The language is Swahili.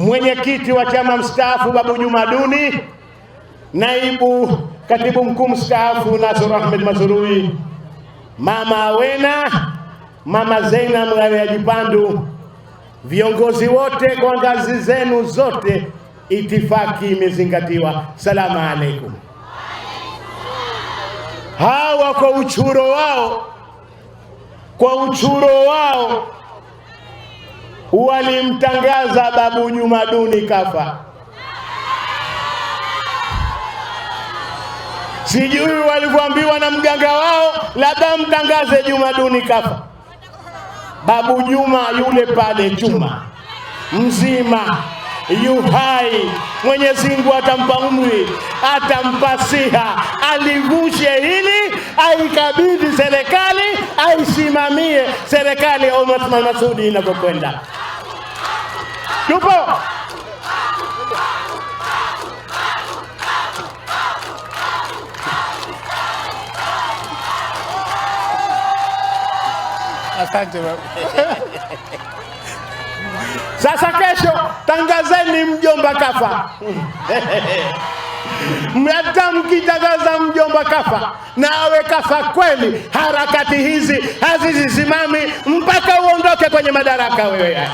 mwenyekiti wa chama mstaafu Babu Juma Duni, naibu katibu mkuu mstaafu Nasoro Ahmed Mazurui, mama Awena, mama Zainab ya Jipandu, viongozi wote kwa ngazi zenu zote, itifaki imezingatiwa. Salamu alaikum. Hawa kwa uchuro wao, kwa uchuro wao walimtangaza Babu Juma Duni kafa. Sijui walivyoambiwa na mganga wao, labda mtangaze Juma Duni kafa. Babu Juma yule pale, Juma mzima yuhai, Mwenyezi Mungu atampa umri, atampa siha, alivushe hili, aikabidhi serikali, aisimamie serikali ya Omar Masudi inavyokwenda. Tupo asante. Sasa kesho tangazeni mjomba kafa. Hata mkitangaza mjomba kafa na awe kafa kweli, harakati hizi hazizisimami mpaka uondoke kwenye madaraka wewe.